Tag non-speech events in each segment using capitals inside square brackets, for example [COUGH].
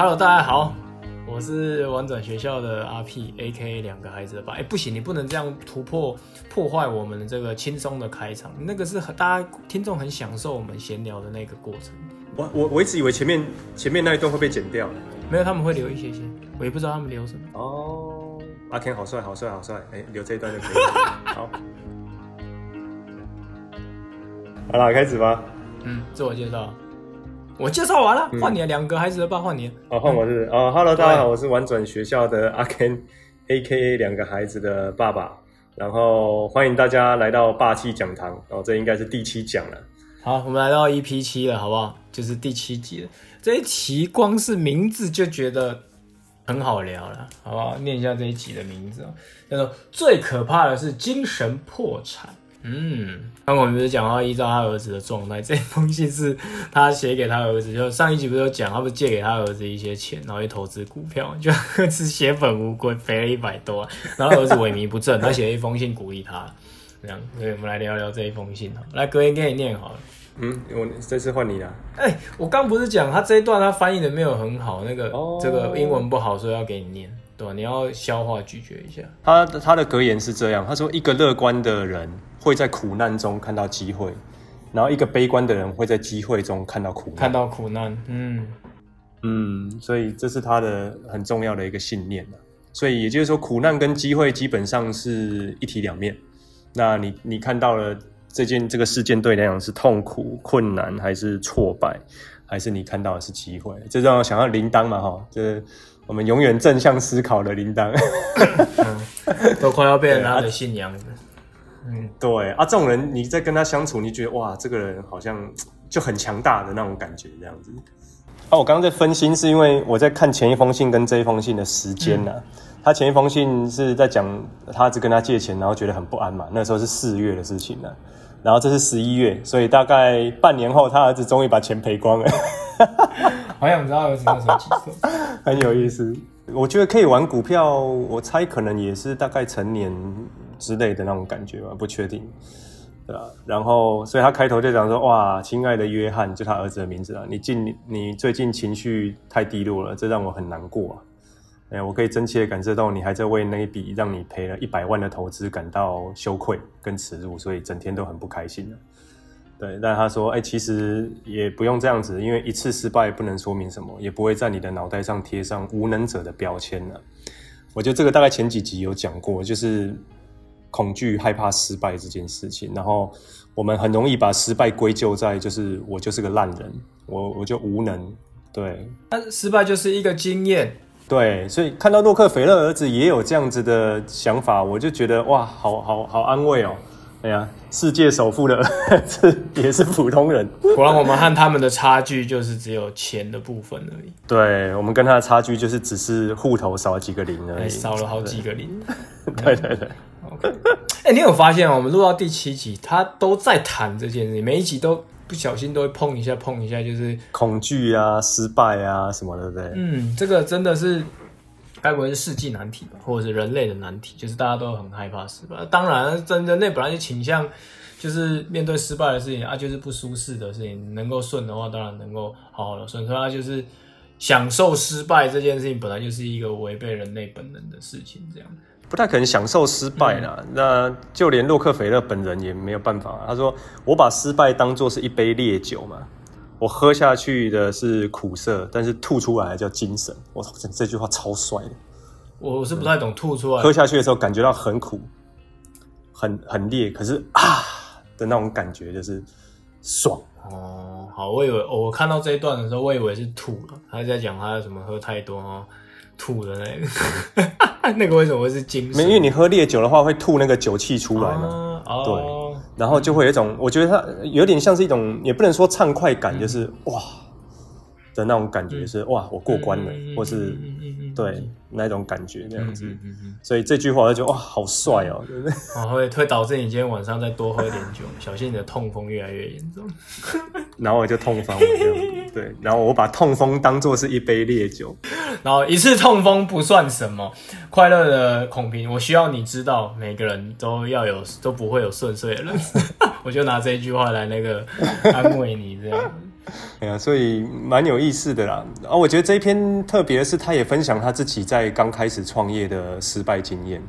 Hello，大家好，我是玩轉學校的阿 P，AK 兩個孩子的爸。哎、欸，不行，你不能這樣突破破壞我們這個輕鬆的開場。那個是大家聽眾很享受我們閒聊的那個過程。我我我一直以為前面前面那一段會被剪掉了，沒有，他們會留一些些，我也不知道他們留什麼。哦，阿 Ken 好帥，好帥，好帥！哎、欸，留這一段就可以了。 [LAUGHS] 好，好了，開始吧。嗯，自我介紹。我介紹完了，換你了。兩、嗯、個孩子的爸，換你了。好、oh, 嗯，換我是。哦，Hello，大家好，我是玩轉學校的阿 Ken，A.K.A 兩個孩子的爸爸。然後歡迎大家來到霸氣講堂。哦，這應該是第七講了。好，我們來到 EP 七了，好不好？就是第七集了。這一集光是名字就覺得很好聊了，好不好？念一下這一集的名字哦，叫做《最可怕的是精神破產》。嗯，剛我們不是講到依照他兒子的狀態，這一封信是他寫給他兒子，就上一集不是有講他不是借給他兒子一些錢，然後去投資股票，就呵呵是血本無歸，賠了一百多，然後兒子萎靡不振，他寫了一封信鼓勵他，這樣，所以我們來聊聊這一封信來，隔音給你念好了，嗯，我這次換你了，哎、欸，我剛不是講他這一段他翻譯的沒有很好，那個、哦、這個英文不好，所以要給你念。對，你要消化、咀嚼一下。他他的格言是這樣，他說：“一個樂觀的人會在苦難中看到機會，然後一個悲觀的人會在機會中看到苦難。”看到苦難，嗯嗯，所以這是他的很重要的一個信念。所以也就是說，苦難跟機會基本上是一體兩面。那你你看到了這件這個事件，對你來講是痛苦、困難，還是挫敗，還是你看到的是機會？這讓我想要鈴鐺嘛，哈，這。我們永遠正向思考的鈴鐺，都 [LAUGHS] 快要變成他的信仰、啊、嗯，對啊，這種人，你在跟他相處，你覺得哇，這個人好像就很強大的那種感覺，這樣子。哦、啊，我剛剛在分心，是因為我在看前一封信跟這一封信的時間呢、啊嗯。他前一封信是在講他兒子跟他借錢，然後覺得很不安嘛。那時候是四月的事情呢、啊，然後這是十一月，所以大概半年後，他兒子終於把錢賠光了。好想知道兒子是什麼角色，很有意思。我覺得可以玩股票，我猜可能也是大概成年之類的那種感覺吧，不確定，對吧、啊？然後，所以他開頭就講說：“哇，親愛的約翰，就他兒子的名字啊，你近你最近情緒太低落了，這讓我很難過、啊。哎、我可以真切的感受到你還在為那一筆讓你賠了一百萬的投資感到羞愧跟恥辱，所以整天都很不開心了。”對，但他說：“哎，其實也不用這樣子，因為一次失敗不能說明什麼，也不會在你的腦袋上貼上無能者的標籤了。”我覺得這個大概前幾集有講過，就是恐懼、害怕失敗這件事情。然後我們很容易把失敗歸咎在，就是我就是個爛人，我我就無能。對，但失敗就是一個經驗。對，所以看到洛克菲勒兒子也有這樣子的想法，我就覺得哇，好好好，好安慰哦。哎呀，世界首富的 [LAUGHS] 也是普通人，果然我們和他們的差距就是只有錢的部分而已。對，我們跟他的差距就是只是戶頭少幾個零而已，少、欸、了好幾個零。對對對，對、嗯。OK，哎、 [LAUGHS] 欸，你有發現、喔、我們錄到第七集，他都在談這件事情，每一集都不小心都會碰一下碰一下，就是恐懼啊、失敗啊什麼的，對？嗯，這個真的是。該不會是世紀難題吧，或者是人類的難題，就是大家都很害怕失敗。當然，人人類本來就傾向就是面對失敗的事情啊，就是不舒適的事情。能夠順的話，當然能夠好好的順。所以他就是享受失敗這件事情，本來就是一個違背人類本能的事情，這樣不太可能享受失敗啦、嗯。那就連洛克菲勒本人也沒有辦法、啊，他說：“我把失敗當做是一杯烈酒嘛。”我喝下去的是苦澀，但是吐出來的叫精神。我操，這句話超帥的。我我是不太懂吐出來的、嗯，喝下去的時候感覺到很苦，很很烈，可是啊的那種感覺就是爽。哦，好，我以為、哦、我看到這一段的時候，我以為是吐了。他在講他有什麼喝太多哈吐的那個， [LAUGHS] 那個為什麼會是精神？沒，因為你喝烈酒的話會吐那個酒氣出來嘛、嗯哦。對。然後就會有一種、嗯，我覺得它有點像是一種，也不能說暢快感，就是、嗯、哇的那種感覺是，是哇，我過關了，嗯、或是。對，那種感覺這樣子，嗯哼嗯哼，所以這句話就覺得哇，好帥哦、喔，對不對？啊！會會導致你今天晚上再多喝一點酒， [LAUGHS] 小心你的痛風越來越嚴重。然後我就痛翻，我就 [LAUGHS] 對，然後我把痛風當做是一杯烈酒。然後一次痛風不算什麼，快樂的孔平，我希望你知道，每個人都要有都不會有順遂的人。 [LAUGHS] 我就拿這一句話來那個安慰你這樣。 [LAUGHS] 哎呀，所以蠻有意思的啦。啊、哦，我覺得這一篇特別是他也分享他自己在剛開始創業的失敗經驗，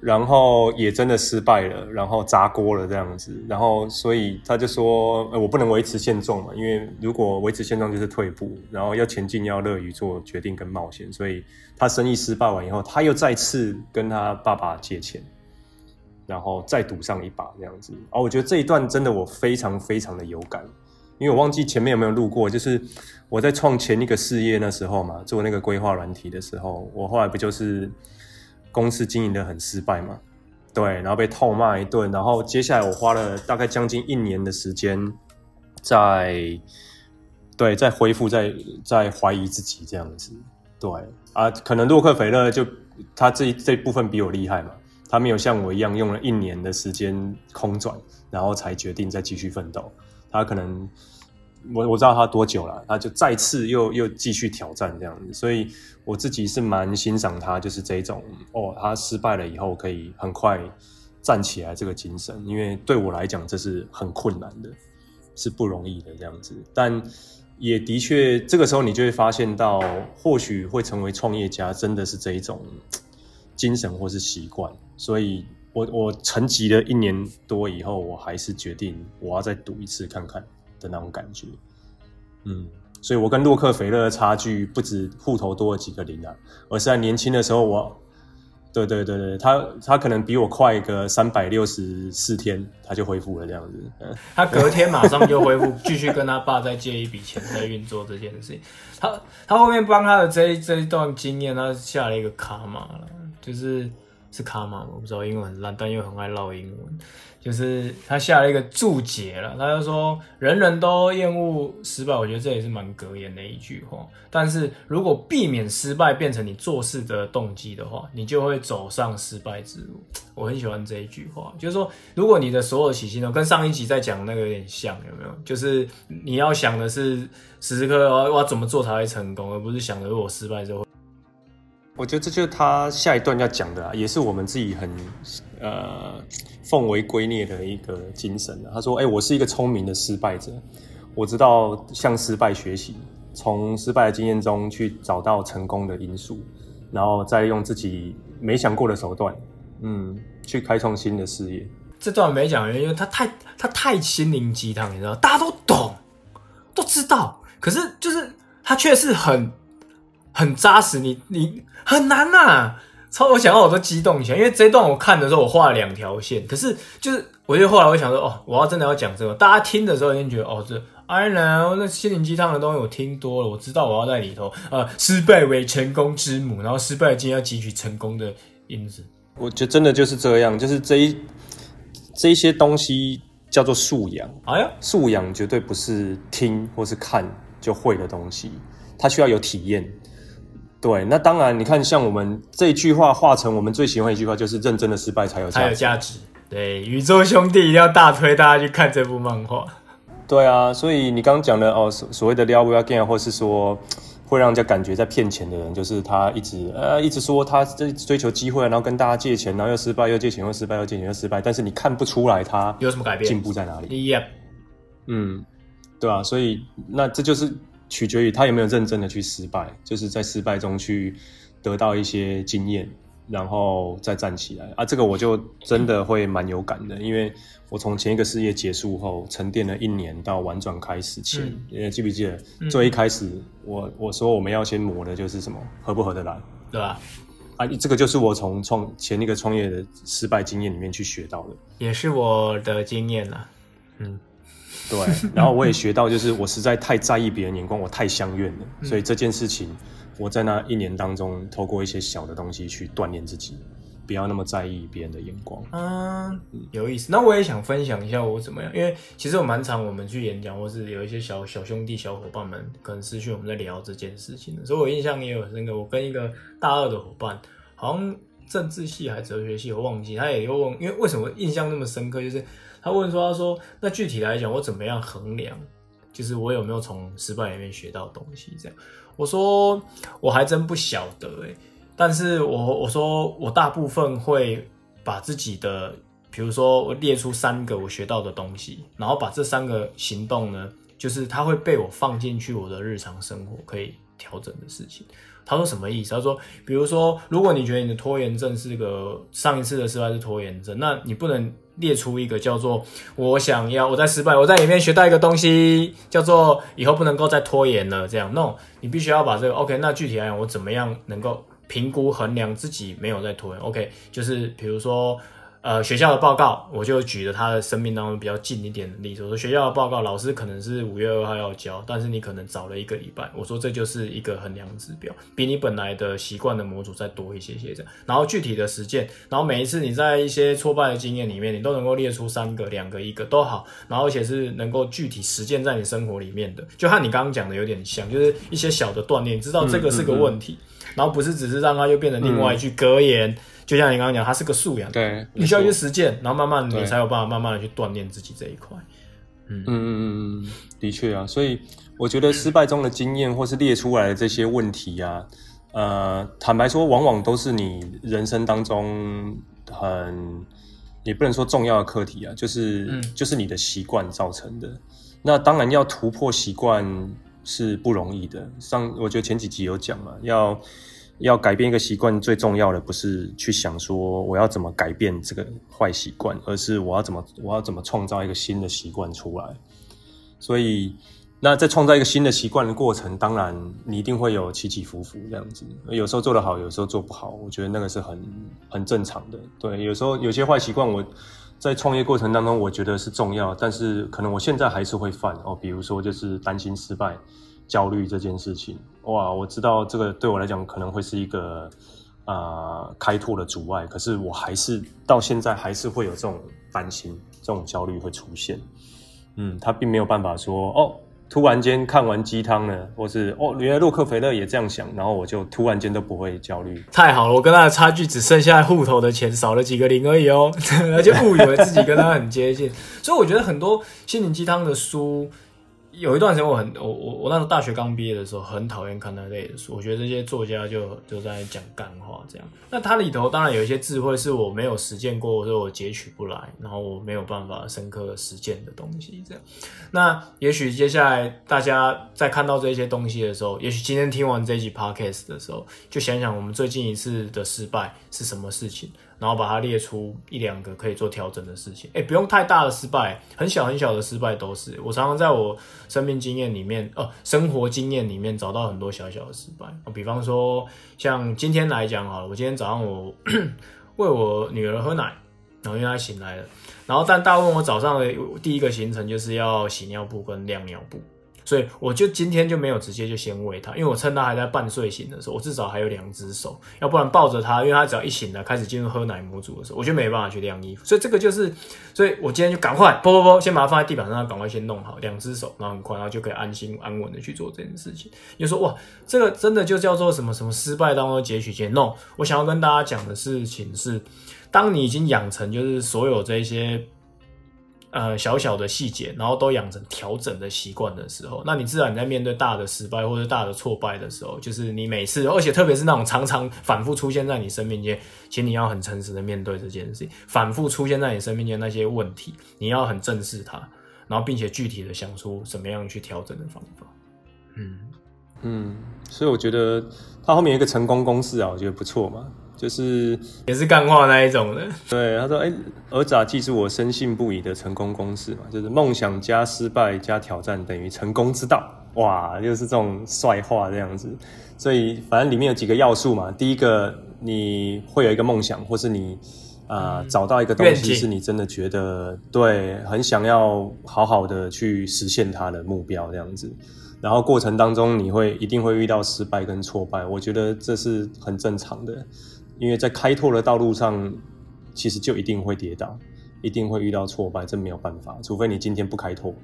然後也真的失敗了，然後砸鍋了這樣子。然後所以他就說：“呃、欸，我不能維持現狀嘛，因為如果維持現狀就是退步，然後要前進要樂於做決定跟冒險。”所以他生意失敗完以後，他又再次跟他爸爸借錢，然後再賭上一把這樣子。啊、哦，我覺得這一段真的我非常非常的有感。因為我忘記前面有沒有錄過，就是我在創前一個事業那時候嘛，做那個規劃軟體的時候，我後來不就是公司經營得很失敗嘛？對，然後被痛罵一頓，然後接下來我花了大概將近一年的時間，在對在恢復，在在懷疑自己這樣子。對啊，可能洛克菲勒就他這這部分比我厲害嘛，他沒有像我一樣用了一年的時間空轉，然後才決定再繼續奮鬥，他可能。我我知道他多久了，他就再次又又繼續挑戰這樣子，所以我自己是蠻欣賞他，就是這一種哦，他失敗了以後可以很快站起來這個精神，因為對我來講這是很困難的，是不容易的這樣子，但也的確這個時候你就會發現到，或許會成為創業家真的是這一種精神或是習慣，所以我我沉寂了一年多以後，我還是決定我要再賭一次看看。的那種感覺，嗯，所以我跟洛克菲勒的差距不止戶頭多了幾個零啊，而是在年輕的時候我，我對對對他他，可能比我快一個三百六十四天，他就恢復了這樣子，他隔天馬上就恢復，繼 [LAUGHS] 續跟他爸再借一筆錢再運作這件事情。他他後面幫他的這一這一段經驗，他下了一個卡碼了，就是是卡碼，我不知道英文很爛，但又很愛烙英文。就是他下了一個註解了，他就說：“人人都厭惡失敗，我覺得這也是蠻格言的一句話。但是如果避免失敗變成你做事的動機的話，你就會走上失敗之路。”我很喜歡這一句話，就是說，如果你的所有起心都跟上一集在講那個有點像，有沒有？就是你要想的是時時刻刻我要怎麼做才會成功，而不是想着如果失敗之後。我覺得這就是他下一段要講的啊，也是我們自己很呃奉為圭臬的一個精神啊。他說：“哎、欸，我是一個聰明的失敗者，我知道向失敗學習，從失敗的經驗中去找到成功的因素，然後再用自己沒想過的手段，嗯，去開創新的事業。”這段沒講，因為他太他太心靈雞湯，你知道，大家都懂，都知道，可是就是他卻是很。很扎實，你你很難吶啊！超，我想到我都激動起來，因為這一段我看的時候，我畫了兩條線。可是就是，我就後來我想說，哦，我要真的要講這個，大家聽的時候一定覺得，哦，這 I know，那心靈雞湯的東西我聽多了，我知道我要在裡頭，呃，失敗為成功之母，然後失敗經驗要汲取成功的因子。我覺得真的就是這樣，就是這一這一些東西叫做素養。哎呀，素養絕對不是聽或是看就會的東西，它需要有體驗。對，那當然，你看，像我們這句話化成我們最喜歡一句話，就是認真的失敗才有價，有價值。對，宇宙兄弟一定要大推大家去看這部漫畫。對啊，所以你剛剛講的哦，所所謂的 “Liar Again” 或是說會讓人家感覺在騙錢的人，就是他一直呃一直說他在追求機會，然後跟大家借錢，然後又失敗，又借錢，又失敗，又借錢，又失敗，但是你看不出來他有什麼改變，進步在哪裡？Yep 嗯，對啊，所以那這就是。取決於他有沒有認真的去失敗，就是在失敗中去得到一些經驗，然後再站起來啊！這個我就真的會蠻有感的，因為我從前一個事業結束後沉澱了一年到玩轉開始前，也、嗯、記不記得、嗯、最一開始我我說我們要先磨的就是什麼合不合得來，對吧、啊？啊，這個就是我從創前一個創業的失敗經驗裡面去學到的，也是我的經驗啦、啊。嗯。對，然後我也學到，就是我實在太在意別人眼光， [LAUGHS] 我太相怨了，所以這件事情，我在那一年當中，透過一些小的東西去鍛鍊自己，不要那麼在意別人的眼光。嗯、啊，有意思。那我也想分享一下我怎麼樣，因為其實我蠻常我們去演講，或是有一些小小兄弟小夥伴們可能私訊我們在聊這件事情的。所以我印象也有那個，我跟一個大二的夥伴，好像政治系還是哲學系，我忘記，他也又忘，因為為什麼印象那麼深刻，就是。他問說：“他說，那具體來講，我怎麼樣衡量，就是我有沒有從失敗裡面學到東西？這樣，我說我還真不曉得，欸，但是我我說我大部分會把自己的，比如說我列出三個我學到的東西，然後把這三個行動呢，就是它會被我放進去我的日常生活可以調整的事情。”他說什麼意思？他說，比如說，如果你覺得你的拖延症是個上一次的失敗是拖延症，那你不能。列出一個叫做我想要我在失敗我在裡面學到一個東西叫做以後不能夠再拖延了這樣弄、no, 你必須要把這個 OK 那具體來講我怎麼樣能夠評估衡量自己沒有在拖延 OK 就是比如說。呃，學校的報告，我就舉了他的生命當中比較近一點的例子。我說學校的報告，老師可能是五月二號要交，但是你可能早了一個禮拜。我說這就是一個衡量指標，比你本來的習慣的模組再多一些些。這樣，然後具體的實踐，然後每一次你在一些挫敗的經驗裡面，你都能夠列出三個、兩個、一個都好，然後而且是能夠具體實踐在你生活裡面的，就和你剛剛講的有點像，就是一些小的鍛鍊，知道這個是個問題，嗯嗯嗯、然後不是只是讓它又變成另外一句格言。嗯就像你剛剛講，它是個素養，對，你需要一些實踐，然後慢慢你才有辦法慢慢的去鍛鍊自己這一塊，嗯嗯嗯嗯，的確啊，所以我覺得失敗中的經驗或是列出來的這些問題啊，呃，坦白說，往往都是你人生當中很也不能說重要的課題啊，就是、嗯、就是你的習慣造成的。那當然要突破習慣是不容易的。上我覺得前幾集有講嘛，要。要改變一個習慣，最重要的不是去想說我要怎麼改變這個壞習慣，而是我要怎麼我要怎麼創造一個新的習慣出來。所以，那在創造一個新的習慣的過程，當然你一定會有起起伏伏這樣子，有時候做得好，有時候做不好，我覺得那個是很很正常的。對，有時候有些壞習慣，我在創業過程當中，我覺得是重要，但是可能我現在還是會犯哦，比如說就是擔心失敗。焦慮這件事情，哇！我知道這個對我來講可能會是一個啊、呃、開拓的阻礙，可是我還是到現在還是會有這種擔心，這種焦慮會出現。嗯，他並沒有辦法說哦，突然間看完雞湯呢，或是哦，原來洛克菲勒也這樣想，然後我就突然間都不會焦慮。太好了，我跟他的差距只剩下戶頭的錢少了幾個零而已哦，而 [LAUGHS] 且誤以為自己跟他很接近。 [LAUGHS] 所以我覺得很多心靈雞湯的書。有一段時間，我很我我我那時候大學剛畢業的時候，很討厭看那類的書。我覺得這些作家就就在講幹話，這樣。那它裡頭當然有一些智慧，是我沒有實踐過，或者我截取不來，然後我沒有辦法深刻實踐的東西。這樣，那也許接下來大家在看到這些東西的時候，也許今天聽完這一集 Podcast 的時候，就想想我們最近一次的失敗是什麼事情。然後把它列出一兩個可以做調整的事情。哎，不用太大的失敗，很小很小的失敗都是。我常常在我生命經驗裡面，哦、呃，生活經驗裡面找到很多小小的失敗。比方說，像今天來講好了，我今天早上我餵 [COUGHS] 我女兒喝奶，然後因為她醒來了，然後但大部分我早上的第一個行程就是要洗尿布跟晾尿布。所以我就今天就沒有直接就先餵它，因為我趁它還在半睡醒的時候，我至少還有兩隻手，要不然抱着它，因為它只要一醒了開始進入喝奶母乳的時候，我就沒辦法去晾衣服。所以這個就是，所以我今天就趕快，不不不，先把它放在地板上，趕快先弄好兩隻手，然後很快，然後就可以安心安穩的去做這件事情。你就說哇，這個真的就叫做什麼什麼失敗當中截取結論。我想要跟大家講的事情是，當你已經養成就是所有這一些。呃、嗯，小小的細節，然後都養成調整的習慣的時候，那你自然你在面對大的失敗或者大的挫敗的時候，就是你每次，而且特別是那種常常反覆出現在你生命間，請你要很誠實的面對這件事情，反覆出現在你生命間那些問題，你要很正視它，然後並且具體的想出怎麼樣去調整的方法。嗯嗯，所以我覺得他後面有一個成功公式啊，我覺得不錯嘛。就是也是幹話那一種的，對他說：“哎、欸，兒子啊，記住我深信不疑的成功公式嘛，就是夢想加失敗加挑戰等於成功之道。”哇，就是這種帥話這樣子。所以反正裡面有幾個要素嘛，第一個你會有一個夢想，或是你啊、呃嗯、找到一個東西是你真的覺得對，很想要好好的去實現它的目標這樣子。然後過程當中你會一定會遇到失敗跟挫敗，我覺得這是很正常的。因為在開拓的道路上，其實就一定會跌倒，一定會遇到挫敗，這沒有辦法。除非你今天不開拓，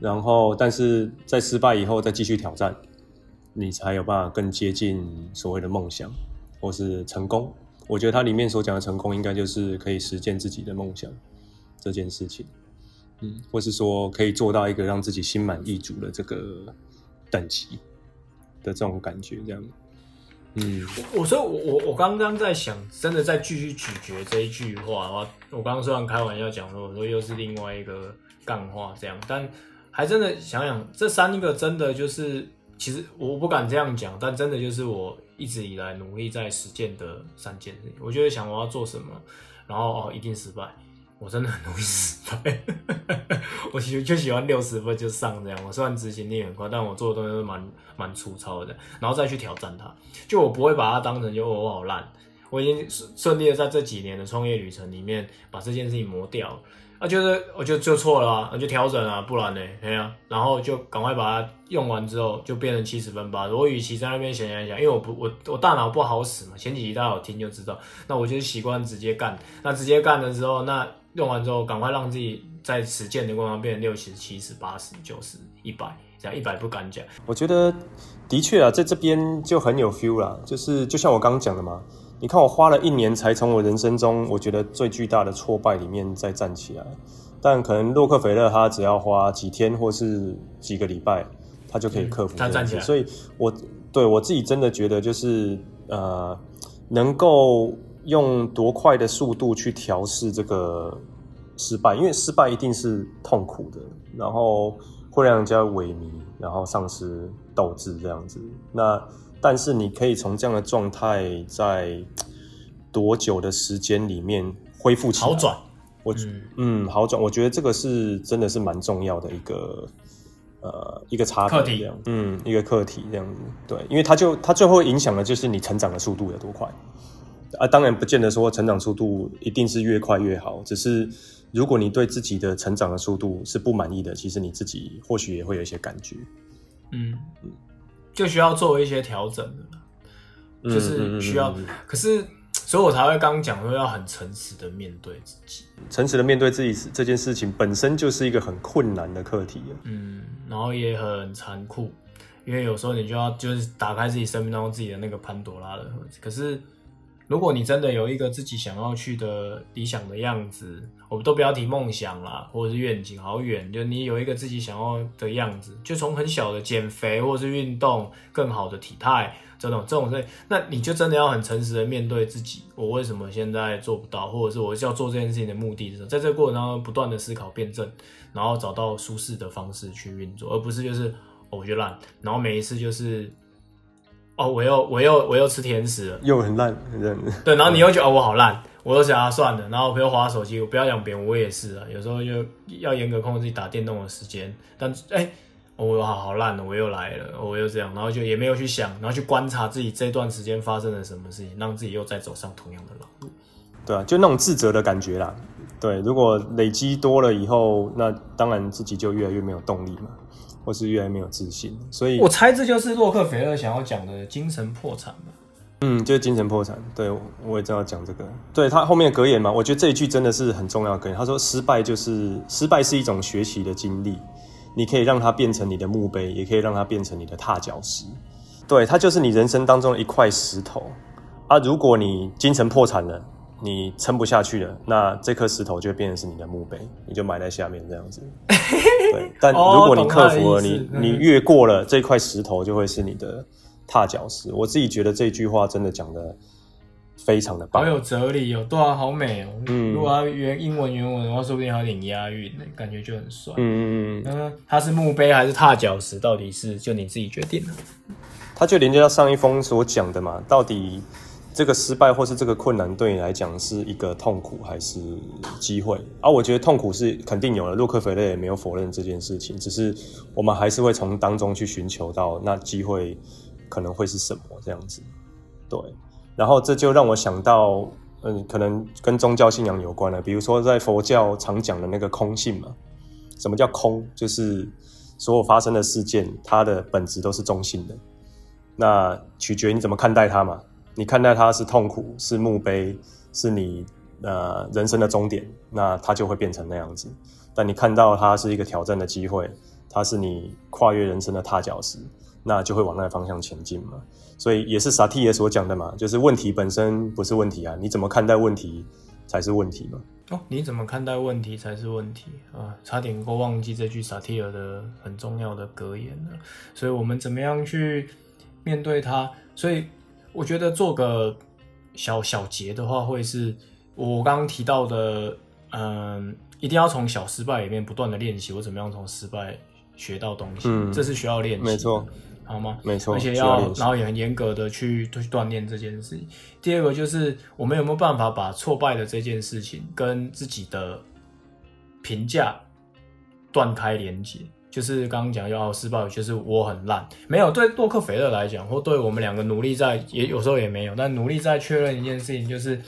然後但是在失敗以後再繼續挑戰，你才有辦法更接近所謂的夢想或是成功。我覺得它裡面所講的成功，應該就是可以實現自己的夢想這件事情，嗯，或是說可以做到一個讓自己心滿意足的這個等級的這種感覺，這樣。嗯，我我說我我我剛剛在想，真的在繼續咀嚼這一句話的話，我剛剛雖然開玩笑講說，我說又是另外一個幹話這樣，但還真的想想這三個真的就是，其實我不敢這樣講，但真的就是我一直以來努力在實踐的三件事情。我就會想我要做什麼，然後哦一定失敗。我真的很容易失敗， [LAUGHS] 我其實就喜歡六十分就上這樣。我雖然執行力很快，但我做的東西都蠻蠻粗糙的，然後再去挑戰它，就我不會把它當成就、哦、我好爛。我已經順順利的在這幾年的創業旅程裡面把這件事情磨掉，啊，就是、啊，就是我就就錯了，我就調整啊，不然呢，哎呀、啊，然後就趕快把它用完之後就變成七十分吧。我與其在那邊想想想，因為我不我我大腦不好使嘛，前幾集大家有聽就知道，那我就習慣直接幹。那直接幹的時候，那用完之後，趕快讓自己在實踐的過程中變成六十七十八十九十一百，這樣一百不敢講。我覺得的確啊，在這邊就很有 feel 啦，就是就像我剛剛講的嘛，你看我花了一年才從我人生中我覺得最巨大的挫敗裡面再站起來，但可能洛克菲勒他只要花幾天或是幾個禮拜，他就可以克服。嗯，他站起來。所以我對我自己真的覺得就是呃，能夠。用多快的速度去調適這個失敗，因為失敗一定是痛苦的，然後會讓人家萎靡，然後喪失鬥志這樣子。那但是你可以從這樣的狀態，在多久的時間裡面恢復起來？好轉？我嗯，嗯，好轉。我覺得這個是真的是蠻重要的一個呃一個差別嗯，一個課題這樣子。對，因為它就它最後影響的就是你成長的速度有多快。啊，當然不見得說成長速度一定是越快越好。只是如果你對自己的成長的速度是不滿意的，其實你自己或許也會有一些感覺。嗯，就需要做一些調整了、嗯。就是需要，嗯、可是所以，我才會剛剛講說要很誠實的面對自己，誠實的面對自己這件事情本身就是一個很困難的課題。嗯，然後也很殘酷，因為有時候你就要就是打開自己生命當中自己的那個潘多拉的盒子，可是。如果你真的有一個自己想要去的理想的樣子，我們都不要提夢想啦，或者是願景，好遠。就你有一個自己想要的樣子，就從很小的減肥，或者是運動，更好的體態，這種這種類，那你就真的要很誠實的面對自己，我為什麼現在做不到，或者是我要做這件事情的目的是在這個過程當中不斷的思考辯證，然後找到舒適的方式去運作，而不是就是、哦、我覺得爛，然後每一次就是。哦，我又我又我又吃甜食了，又很爛，很爛。對，然後你又覺得、嗯哦、我好爛，我都想、啊、算了，然後不要滑手機，我不要講別人，我也是啊。有時候就要嚴格控制自己打電動的時間，但哎，我、哦、好爛了，我又來了、哦，我又這樣，然後就也沒有去想，然後去觀察自己這段時間發生了什麼事情，讓自己又再走上同樣的路。對啊，就那種自責的感覺啦。對，如果累積多了以後，那當然自己就越來越沒有動力嘛。或是越來越沒有自信，所以我猜這就是洛克菲勒想要講的精神破產。嗯，就是精神破產。對，我也正要講這個。對，他後面的格言嘛，我覺得這一句真的是很重要的格言。他說：“失敗就是，失敗是一種學習的經歷，你可以讓它變成你的墓碑，也可以讓它變成你的踏腳石。對，它就是你人生當中一塊石頭啊。如果你精神破產了。”你撐不下去了，那這顆石頭就會變成是你的墓碑，你就埋在下面這樣子。 [LAUGHS] 對，但如果你克服了，哦、你你越過了這塊石頭，就會是你的踏腳石、嗯。我自己覺得這句話真的講的非常的棒，好有哲理、哦，有對啊好美哦。嗯，如果它原英文原文的話，說不定還有點押韻，感覺就很帥。嗯嗯嗯，那它是墓碑還是踏腳石，到底是就你自己決定的。它就連接到上一封所講的嘛，到底。這個失敗或是這個困難對你來講是一個痛苦還是機會？啊，我覺得痛苦是肯定有了。洛克菲勒也沒有否認這件事情，只是我們還是會從當中去尋求到那機會可能會是什麼這樣子。對，然後這就讓我想到，嗯，可能跟宗教信仰有關了。比如說在佛教常講的那個空性嘛。什麼叫空？就是所有發生的事件，它的本質都是中性的，那取決於你怎麼看待它嘛。你看待它是痛苦，是墓碑，是你呃人生的終點，那它就會變成那樣子。但你看到它是一個挑戰的機會，它是你跨越人生的踏腳石，那就會往那個方向前進嘛。所以也是薩提爾所講的嘛，就是問題本身不是問題啊，你怎麼看待問題才是問題嘛。哦，你怎麼看待問題才是問題啊、呃？差點都忘記這句薩提爾的很重要的格言了。所以我們怎麼樣去面對它？所以。我覺得做個小小結的話，會是我剛剛提到的，嗯，一定要從小失敗裡面不斷的練習，我怎麼樣從失敗學到東西，嗯，這是需要練習的沒錯，好嗎？沒錯，而且要，要然後也很嚴格的去，去鍛鍊這件事情。第二個就是我們有沒有辦法把挫敗的這件事情跟自己的評價斷開連接？就是剛剛講要失敗，就是我很爛，沒有，對洛克菲勒來講，或對我們兩個努力在，也有時候也沒有，但努力在確認一件事情，就是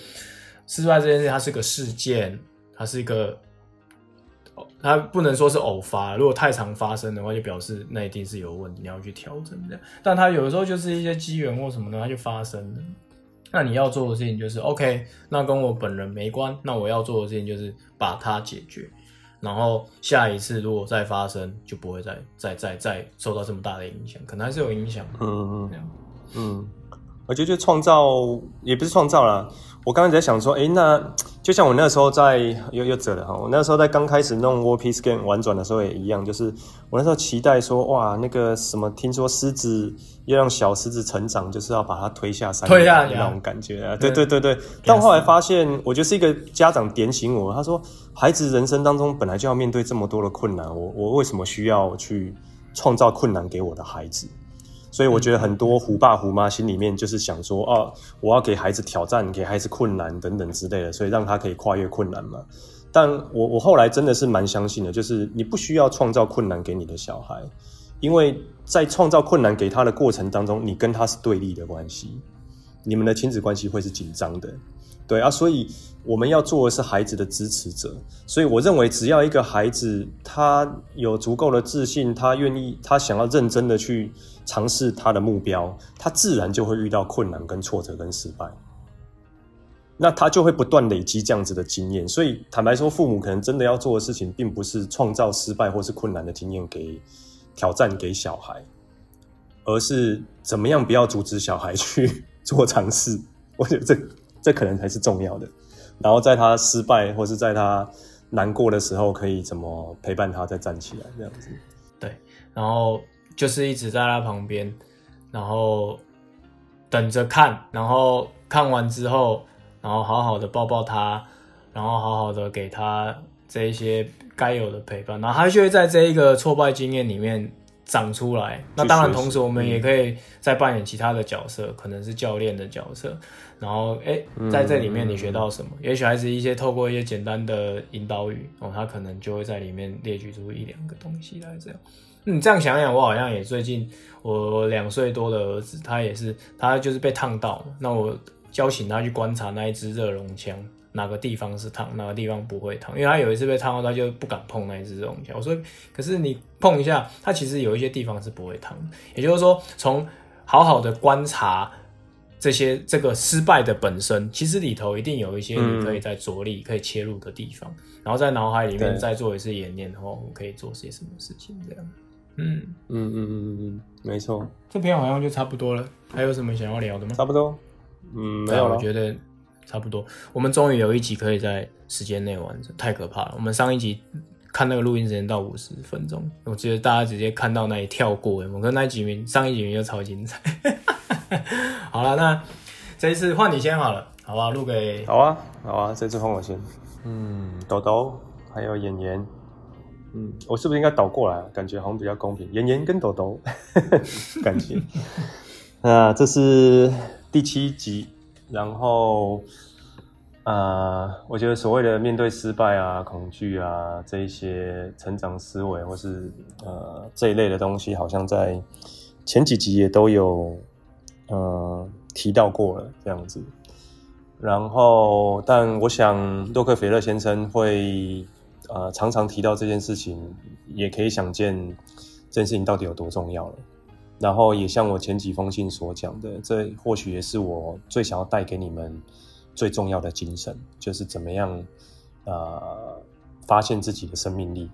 失敗這件事它是個事件，它是一個哦，它不能說是偶發，如果太常發生的話，就表示那一定是有問題，你要去調整這樣。但它有的時候就是一些機緣或什麼的，它就發生了。那你要做的事情就是，OK，那跟我本人沒關，那我要做的事情就是把它解決。然後下一次如果再發生，就不會再再再再受到這麼大的影響，可能還是有影響。嗯嗯，嗯，我覺得就創造也不是創造啦。我剛剛在想說，哎，那。就像我那時候在又又走了哈，我那時候在剛開始弄 World Peace Game 玩轉的時候也一樣，就是我那時候期待說哇，那個什麼，聽說獅子要讓小獅子成長，就是要把它推下山推下，那種感覺、啊、對對對對，對，對。但後來發現，我就是一個家長點醒我，他說，孩子人生當中本來就要面對這麼多的困難，我我為什麼需要去創造困難給我的孩子？所以我覺得很多虎爸虎媽心裡面就是想說，哦，我要給孩子挑戰，給孩子困難等等之類的，所以讓他可以跨越困難嘛。但我我後來真的是蠻相信的，就是你不需要創造困難給你的小孩，因為在創造困難給他的過程當中，你跟他是對立的關係，你們的親子關係會是緊張的。對啊，所以我們要做的是孩子的支持者。所以我認為，只要一個孩子他有足夠的自信，他願意，他想要認真的去。嘗試他的目標，他自然就會遇到困難、跟挫折、跟失敗，那他就會不斷累積這樣子的經驗。所以，坦白說，父母可能真的要做的事情，並不是創造失敗或是困難的經驗給挑戰給小孩，而是怎麼樣不要阻止小孩去 [LAUGHS] 做嘗試。我覺得這這可能才是重要的。然後，在他失敗或是在他難過的時候，可以怎麼陪伴他再站起來這樣子。對，然後。就是一直在他旁邊，然後等着看，然後看完之後，然後好好的抱抱他，然後好好的給他這一些該有的陪伴，那他就會在這一個挫敗經驗裡面長出來。那當然，同時我們也可以再扮演其他的角色，嗯、可能是教練的角色，然後、欸、在這裡面你學到什麼？嗯嗯也許還是一些透過一些簡單的引導語哦，他可能就會在裡面列舉出一兩個東西來這樣。你、嗯、這樣想一想，我好像也最近，我兩歲多的兒子，他也是，他就是被燙到了。那我叫醒他去觀察那一支熱熔槍，哪個地方是燙，哪個地方不會燙。因為他有一次被燙到，他就不敢碰那一支熱熔槍。我說，可是你碰一下，他其實有一些地方是不會燙。也就是說，從好好的觀察這些這個失敗的本身，其實裡頭一定有一些你可以在着力、可以切入的地方。嗯、然後在腦海裡面再做一次演練，哦，然後我們可以做些什麼事情這樣。嗯嗯嗯嗯嗯嗯，沒錯，這篇好像就差不多了。還有什麼想要聊的嗎？差不多，嗯，沒有了。我覺得差不多，嗯、我們終於有一集可以在時間內完成，太可怕了。我們上一集看那個錄音時間到五十分鐘，我覺得大家直接看到那裡跳過有沒有。我跟那幾名上一集名又超精彩。 [LAUGHS] 好了，那這一次換你先好了，好吧？錄給好啊好啊，這次換我先。嗯，豆豆還有妍妍。嗯，我是不是應該倒過來？感覺好像比較公平。妍妍跟豆豆感覺那、 [LAUGHS] 呃、這是第七集，然後啊、呃，我覺得所謂的面對失敗啊、恐懼啊這一些成長思維，或是呃這一類的東西，好像在前幾集也都有呃提到過了這樣子。然後，但我想洛克菲勒先生會。呃，常常提到這件事情，也可以想見這件事情到底有多重要了。然後也像我前幾封信所講的，這或許也是我最想要帶給你們最重要的精神，就是怎麼樣呃發現自己的生命力，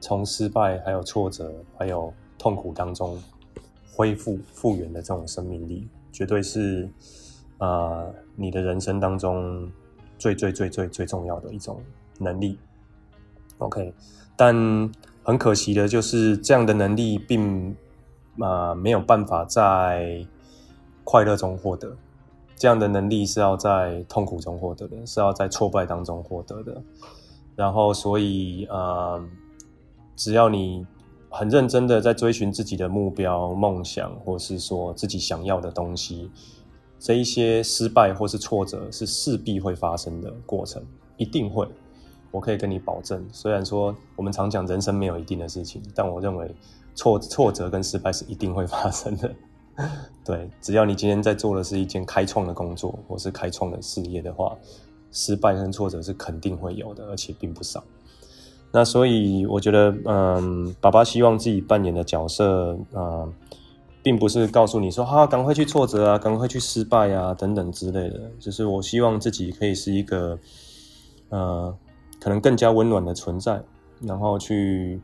從失敗、還有挫折、還有痛苦當中恢復復原的這種生命力，絕對是呃你的人生當中最最最最最最重要的一種能力。OK，但很可惜的就是，這樣的能力並啊、呃、沒有辦法在快樂中獲得，這樣的能力是要在痛苦中獲得的，是要在挫敗當中獲得的。然後，所以呃，只要你很認真的在追尋自己的目標、夢想，或是說自己想要的東西，這一些失敗或是挫折是勢必會發生的過程，一定會。我可以跟你保證，雖然說我們常講人生沒有一定的事情，但我認為挫挫折跟失敗是一定會發生的。 [LAUGHS] 對，只要你今天在做的是一件開創的工作或是開創的事業的話，失敗跟挫折是肯定會有的，而且並不少。那所以我覺得，嗯，爸爸希望自己扮演的角色啊，嗯，並不是告訴你說，哈，啊，趕快去挫折啊，趕快去失敗啊，等等之類的。就是我希望自己可以是一個，嗯。可能更加溫暖的存在，然後去，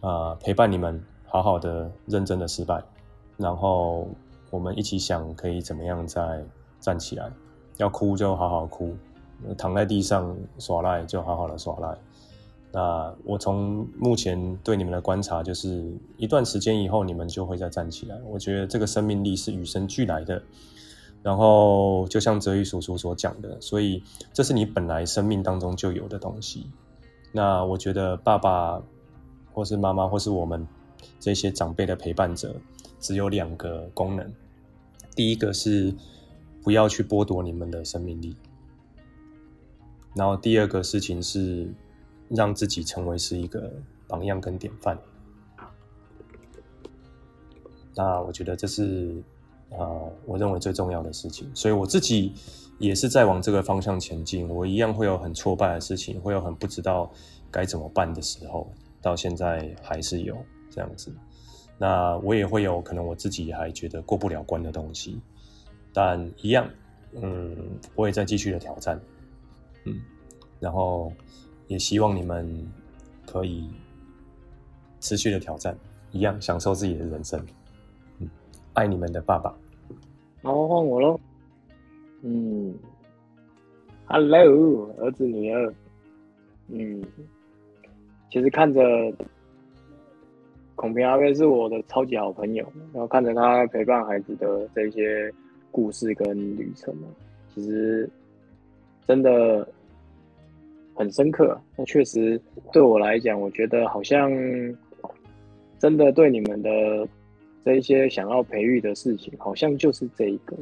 呃，陪伴你們，好好的、認真的失敗，然後我們一起想可以怎麼樣再站起來。要哭就好好哭，躺在地上耍賴就好好的耍賴。那我從目前對你們的觀察，就是一段時間以後你們就會再站起來。我覺得這個生命力是與生俱來的。然後，就像哲宇叔叔所講的，所以這是你本來生命當中就有的東西。那我覺得，爸爸或是媽媽，或是我們這些長輩的陪伴者，只有兩個功能：第一個是不要去剝奪你們的生命力；然後第二個事情是讓自己成為是一個榜樣跟典範。那我覺得這是。呃，我認為最重要的事情，所以我自己也是在往這個方向前進。我一樣會有很挫敗的事情，會有很不知道該怎麼辦的時候，到現在還是有這樣子。那我也會有可能我自己還覺得過不了關的東西，但一樣，嗯，我也在繼續的挑戰，嗯，然後也希望你們可以持續的挑戰，一樣享受自己的人生。愛你們的爸爸。然後，換我嘍。嗯，Hello，兒子女兒。嗯，其實看着孔平阿威，是我的超級好朋友，然後看着他陪伴孩子的這些故事跟旅程，其實真的很深刻。那確實對我來講，我覺得好像真的對你們的。這一些想要培育的事情，好像就是這一個。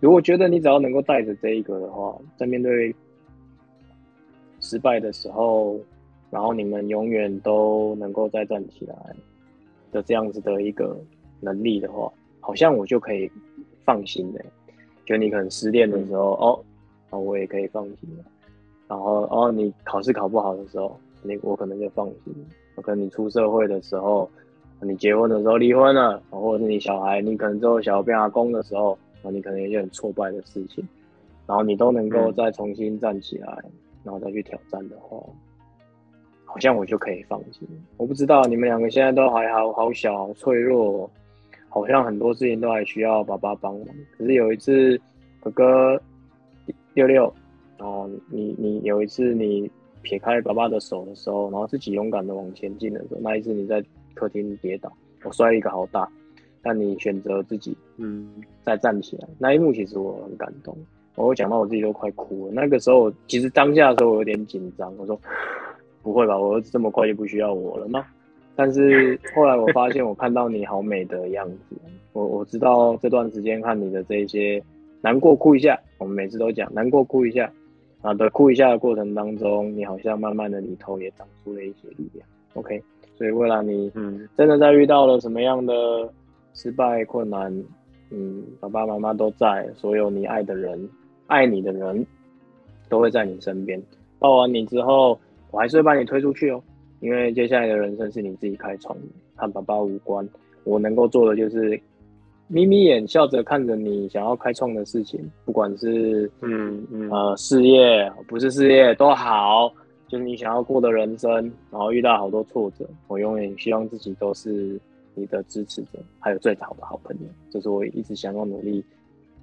如果覺得你只要能夠帶着這一個的話，在面對失敗的時候，然後你們永遠都能夠再站起來的這樣子的一個能力的話，好像我就可以放心的、欸。就你可能失戀的時候、嗯，哦，哦，我也可以放心。然後，哦，你考試考不好的時候，你我可能就放心。我可能你出社會的時候。你結婚的時候離婚了，或者是你小孩，你可能之後小孩變阿公的時候，那你可能有一些很挫敗的事情，然後你都能夠再重新站起來，然後再去挑戰的話，嗯、好像我就可以放心。我不知道你們兩個現在都還好好小、好脆弱，好像很多事情都還需要爸爸幫忙。可是有一次，哥哥六六，然後你你有一次你撇開爸爸的手的時候，然後自己勇敢的往前進的時候，那一次你在客廳跌倒，我摔一個好大，但你選擇自己嗯再站起來、嗯、那一幕，其實我很感動，我會講到我自己都快哭了。那個時候我，其實當下的時候我有點緊張，我說不會吧，我兒子這麼快就不需要我了嗎？但是後來我發現，我看到你好美的樣子， [LAUGHS] 我我知道這段時間看你的這一些難過哭一下，我們每次都講難過哭一下，然後的哭一下的過程當中，你好像慢慢的裡頭也長出了一些力量。OK。所以，未來你，嗯，真的在遇到了什麼樣的失敗困難，嗯，爸爸媽媽都在，所有你愛的人、愛你的人，都會在你身邊。抱完你之後，我還是會把你推出去哦，因為接下來的人生是你自己開創，和爸爸無關。我能夠做的就是眯眯眼，笑着看着你想要開創的事情，不管是，嗯嗯，呃，事業，不是事業，都好。就是你想要過的人生，然後遇到好多挫折，我永遠希望自己都是你的支持者，還有最好的好朋友。這、就是我一直想要努力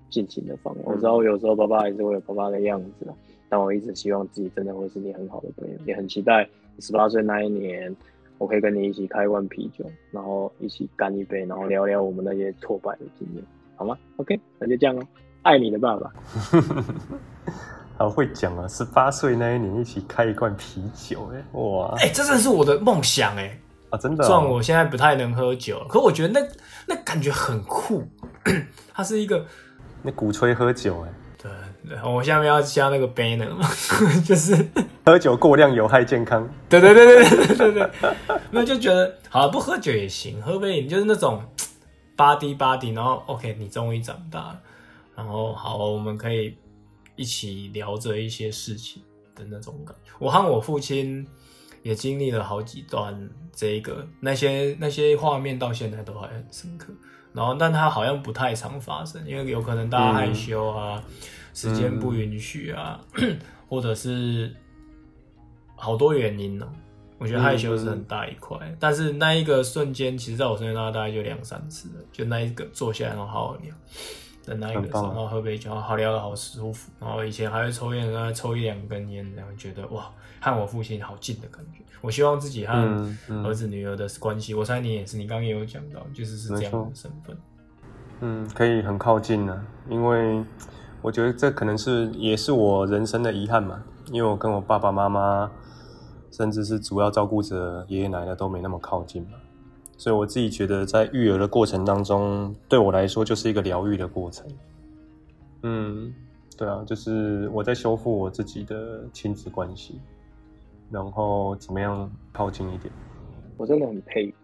進行的方面、嗯。我知道我有時候爸爸還是會有爸爸的樣子，但我一直希望自己真的會是你很好的朋友，嗯、也很期待十八歲那一年，我可以跟你一起開一罐啤酒，然後一起乾一杯，然後聊聊我們那些挫敗的經驗，好嗎？OK，那就這樣嘍，愛你的爸爸。 [LAUGHS] 好、哦、會講啊！十八歲那一年一起開一罐啤酒、欸，哎哇！哎、欸，這真的是我的夢想、欸，哎啊，真的、啊。雖然我現在不太能喝酒，可我覺得那那感覺很酷。 [COUGHS] 它是一個，那鼓吹喝酒、欸，哎，對，我下面要加那個 banner， [LAUGHS] 就是喝酒過量有害健康。 [LAUGHS] 對對對對對對對 [LAUGHS] 對， [LAUGHS] 那就覺得好、啊，不喝酒也行，喝杯飲就是那種，buddy buddy，然後 OK，你終於長大了，然後好、啊，我們可以。一起聊着一些事情的那種感覺，我和我父親也經歷了好幾段這一個，那些那些畫面到現在都還很深刻。然後，但他好像不太常發生，因為有可能大家害羞啊，嗯、時間不允許啊、嗯，或者是好多原因呢、啊。我覺得害羞是很大一塊、嗯，但是那一個瞬間，其實在我身邊大概就兩三次了，就那一個坐下來然後好好聊的那一個時候，然後喝杯酒，好聊得好舒服。然後以前還會抽菸，然後抽一兩根菸，然後覺得哇，和我父親好近的感覺。我希望自己和兒子、女兒的關係、嗯嗯，我猜你也是，你剛剛也有講到，就是是這樣的身份。嗯，可以很靠近的、啊，因為我覺得這可能是也是我人生的遺憾嘛，因為我跟我爸爸媽媽，甚至是主要照顧者爺爺奶奶，都沒那麼靠近嘛。所以我自己覺得，在育兒的過程當中，對我來說就是一個療癒的過程。嗯，對啊，就是我在修復我自己的親子關係，然後怎麼樣靠近一點。我真的很佩服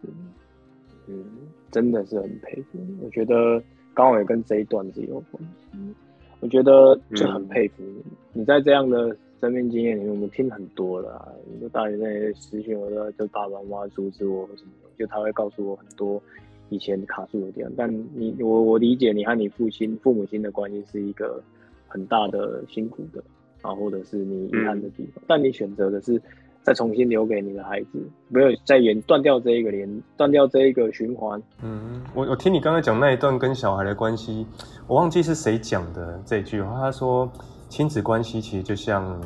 你，嗯，真的是很佩服。我覺得剛好也跟這一段是有關係。我覺得就很佩服你，嗯，你在這樣的。生命經驗裡面，我們聽很多了。就大學在些私訊，我都就爸爸媽媽阻止我什麼，就他會告訴我很多以前卡住的地方。但你，我我理解你和你父親父母親的關係是一個很大的辛苦的，啊，或者是你遺憾的地方。 [COUGHS] 但你選擇的是再重新留給你的孩子，沒有再延斷掉這一個連斷掉這一個循環。嗯，我我聽你剛才講那一段跟小孩的關係，我忘記是誰講的這句話，他說。親子關係其實就像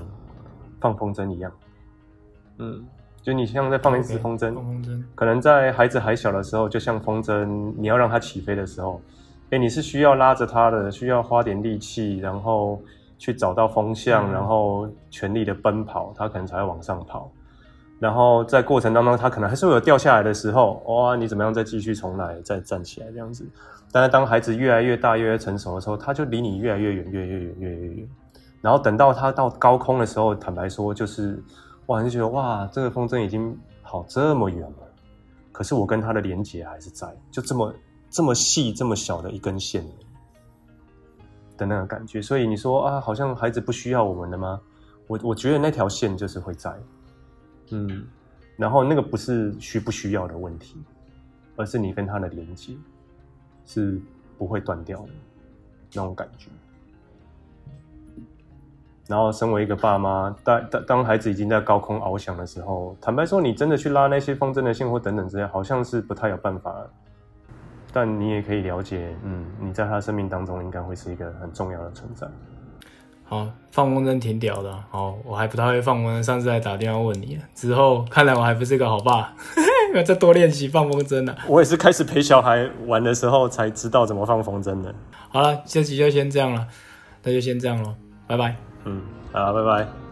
放風箏一樣，嗯，就你像在放一隻風箏，okay，可能在孩子還小的時候，就像風箏，你要讓它起飛的時候，誒、欸、你是需要拉着它的，需要花點力氣，然後去找到風向，嗯、然後全力的奔跑，它可能才會往上跑。然後在過程當中，它可能還是會有掉下來的時候，哇，你怎麼樣再繼續重來，再站起來這樣子。但是當孩子越來越大，越來越成熟的時候，他就離你越來越遠，越來越遠，越來越遠。然後等到他到高空的時候，坦白說，就是哇，你就覺得哇，這個風箏已經跑這麼遠了，可是我跟他的連接還是在，就這麼這麼細這麼小的一根線的那個感覺。所以你說啊，好像孩子不需要我們了嗎？我我覺得那條線就是會在，嗯，然後那個不是需不需要的問題，而是你跟他的連接是不會斷掉的那種感覺。然後，身為一個爸媽，當當孩子已經在高空翱翔的時候，坦白說，你真的去拉那些風箏的線或等等之類，好像是不太有辦法。但你也可以了解，嗯，你在他生命當中應該會是一個很重要的存在。好，放風箏挺屌的。好、哦，我還不太會放風箏，上次還打電話問你。之後看來我還不是一個好爸，要再多練習放風箏了、啊。我也是開始陪小孩玩的時候才知道怎麼放風箏的。好了，這期就先這樣了，那就先這樣了，拜拜。嗯，好，拜拜。